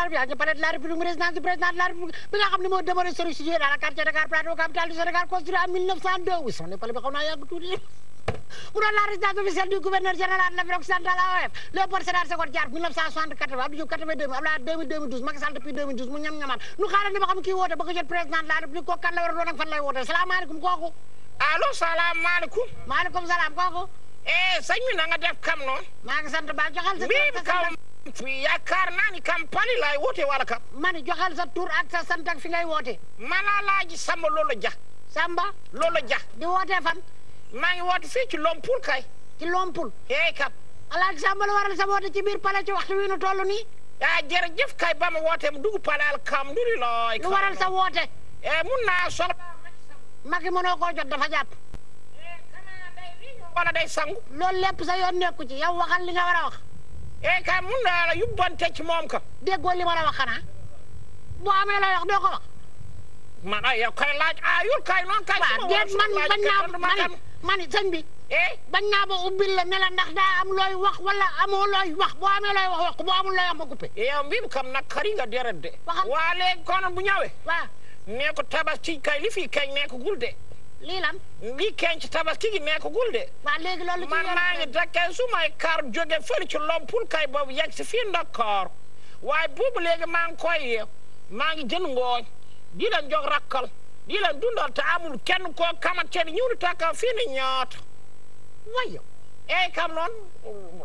la République ak palais de la République mu résidence du président de la République bi nga xam ne moo demeuré sori situé dans le quartier Dakar Plateau capitale du Sénégal construit en 1902 wi soxna palais bi xaw naa yàgg tuuti mu doon la résidence officielle du gouverneur général de l'Afrique occidentale AOF Léopold Sédar Senghor Diatta 1960 80 Abdou Diouf 82 Abdoulaye 2000 2012 Macky Sall depuis 2012 mu ñam ñamaat ñu xaaral ni ba xam kii woote ba ko jot président de la République kooku kan la war a doon ak fan lay woote salaamaaleykum kooku allo salaamaaleykum maaleykum salaam kooku eh sëñ bi na nga def kam noonu maa ngi sant ba joxal sa fii yaakaar naa ni campagne laay woote wala kam. man joxal sa tur ak sa sant fi ngay woote. maanaam laaj Samba Lolo ja Samba. Lolo Dia. di wootee fan. maa ngi woote fii ci Lompoul kay. ci Lompoul. eh kam. alaaj Samba la sa woote ci biir palais ci waxtu wi nu toll nii. ah jërëjëf kay ba ma wootee mu dugg palais alhamdulilah. lu waral sa woote. eh mun naa sol. Macky mënoo koo jot dafa jàpp. Eh, wala day sangu. loolu lépp sa yoon nekku ci yow waxal li nga war a wax. ee eh, ka mun naa la yubbante ci moom ka déggoo li ma la wax xanaa boo amee lay wax doo ko wax man ay kay laaj ayul ah, kay noon kay bañ naa man ubbil la ne ndax daa am looy wax wala amoo looy wax boo amee looy wax boo amul looy wax ma eh, kam nag nga deret de waa léegi bu ñëwee waaw nee kay li fii kay gul de lii lan lii kenc tabaski gi nekkagul de. waaw léegi loolu ci man maa ngi dakkee su may kar jóge fële ci lompul kay boobu yegg si fii Ndakaaru waaye boobu léegi maa ngi koy yeew maa ngi jën ngooñ di leen jox rakkal di dundal te amul kenn koo xamante ne ñëw na takka fii ni ñaata waaye ey eh, kam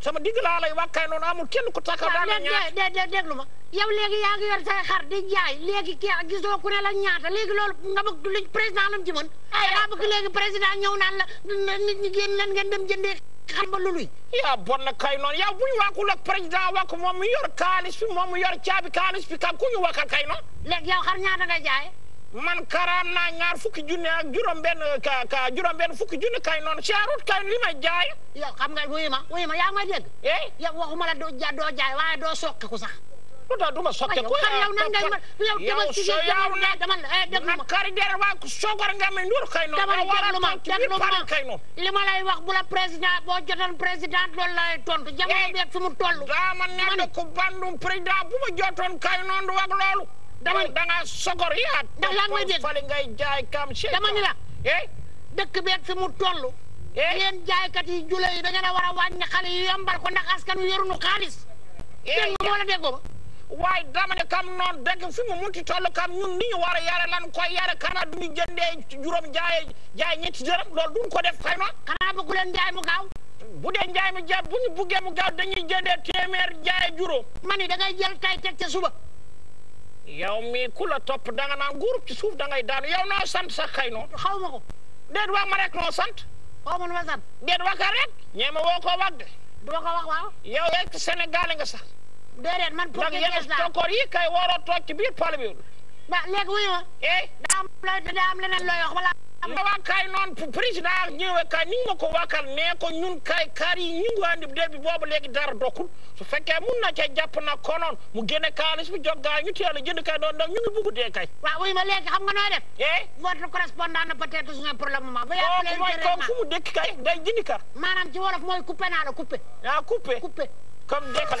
kenn ku takka. daal ma. yaw léegi yaa ngi yor say xar di jaay léegi kii gisoo ku ne la ñaata léegi loolu nga bëgg du luñ président lam ci mën yaa bëgg léegi président ñëw naan la nit ñi génn leen ngeen dem jëndee xar ba luluy yaa bon na kay noonu yow bu ñu waakul ak a waak moom mu yor kaalis bi moom mu yor caabi kaalis bi kam ku ñu waakal kay noonu léegi yow xar ñaata ngay jaay man karaan naa ñaar fukki junne ak juróom benn ka ka juróom benn fukki junne kay noonu saarut kay li may jaay yow xam nga wuyu ma wuyu ma yaa ngi may dégg eh? yow doo jaay waaye sax lu du ma sotte ko yow nan ngay man kari der wa sogor nga ma ndur kay no dama déglu ma déglu ma ma lay wax bu la président boo jotoon président loolu lay tontu eh, jamono bi fi mu toll dama ne ko da nga sogor yaa ndax lan may dégg fali ngay jaay kam ci dama ni la eh dëkk bi fi mu toll eh? yéen jaaykat yi jula yi da a war a wàññi xale yi yombal ko ndax askan wi yoruñu xaalis eh, dégg nga moo waaye dama ne kam noonu dëgg fi mu munti toll kam ñun ni ñu war a yare lan koy yare kana duñu jëndee juróom jaaye jaay ñetti dërëm loolu duñ ko def xayma xanaa bëggu leen njaay mu gaaw bu dee njaay mu jaay bu ñu buggee mu gaaw dañuy jëndee téeméer jaay juróom man ni da ngay jël tay teg ca suba yow mii ku la topp da nga naan ci suuf da ngay daanu yow noo sant sax xëy noo xaw ma ko déet wax ma rek noo sant xaw ma nu ma sant déet waxal rek woo ko wax de yow rek Sénégal nga sax déedéet man pour ñu gis naa donc yi kay waroo toog biir pal bi. ba léegi wuyu ma. eh daa am am leneen looy wax wala. nga waa kay noon président ak ñëwee kay ni nga ko wakkal nee ko ñun kay kaar yi ñu ngi andi dér boobu léegi dara dokkul su fekkee mun na cee jàpp na konoon mu génne kaalis bi jóg gaa ñu teel a jënd kay doon donc ñu ngi bugg dee kay. waaw wuyu ma léegi xam nga nooy def. eh votre correspondant peut-être suñu problème ma. ba yàgg leen mooy fu maanaam ci wolof mooy coupé naa la coupé. ah coupé coupé comme dekkal.